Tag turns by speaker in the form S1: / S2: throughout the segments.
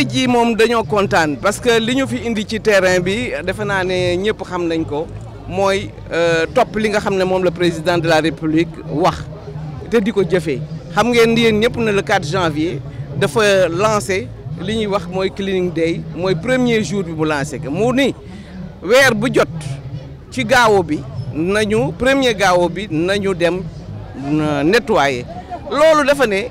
S1: tey jii moom dañoo parce que liñu fi indi ci terrain bi defena né ñepp xam nañ ko mooy euh, top li nga xamné mom le président de la république wax té diko jëfé xam ngeen di ñepp na le 4 janvier dafa lancé liñuy wax moy cleaning day moy premier jour bi mu lancé ko mu ni wër bu jot ci gaawo bi nañu premier gaawo bi nañu dem euh, nettoyer lolu dafa né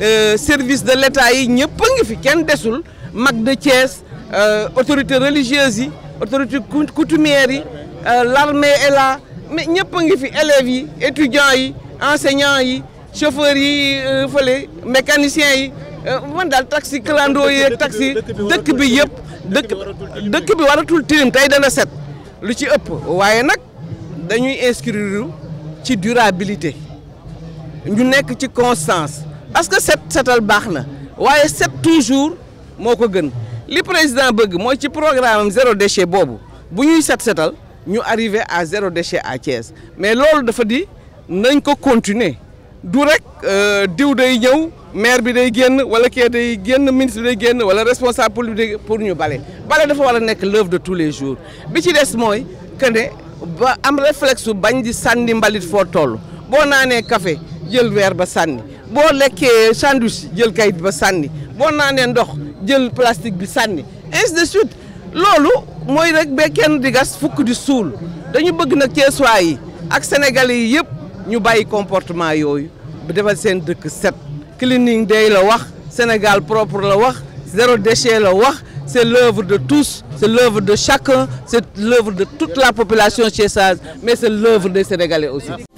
S1: Euh, service de l'État yi fi de euh, autorité religieuse autorité euh, l'armée est là mais ñepp fi élèves étudiants enseignants chauffeurs mécaniciens yi man taxi clando taxi dëkk bi yépp dëkk dëkk bi waratul set lu ci dañuy inscrire ci durabilité ñu constance parce que cette setal est waye toujours moko président bëgg mooy ci programme zéro déchet bobu. bu ñuy set setal ñu à zéro déchet à Thiès mais loolu dafa di nañ ko continuer du rek euh, diw day ñëw maire bi day wala day ministre day wala responsable pour ñu Nous bale dafa l'œuvre de tous les jours bi ci des moy que am réflexe bañ di mbalit toll café jël verre ba bo lekkee sandwich jël kayit ba sanni bo nané ndox jël plastique bi sanni ainsi de suite lolu moy rek be kenn di gas fukk di soul dañu bëgg ci Ceesuwaay yi ak Sénégalais yi yëpp ñu bayyi comportement yoyu bu defal seen dëkk set cleaning day la wax Sénégal propre la wax zéro déchet la wax c'est l'œuvre de tous c'est l'œuvre de chacun c'est l'œuvre de toute la population chez thiessoise mais c'est l'œuvre des Sénégalais aussi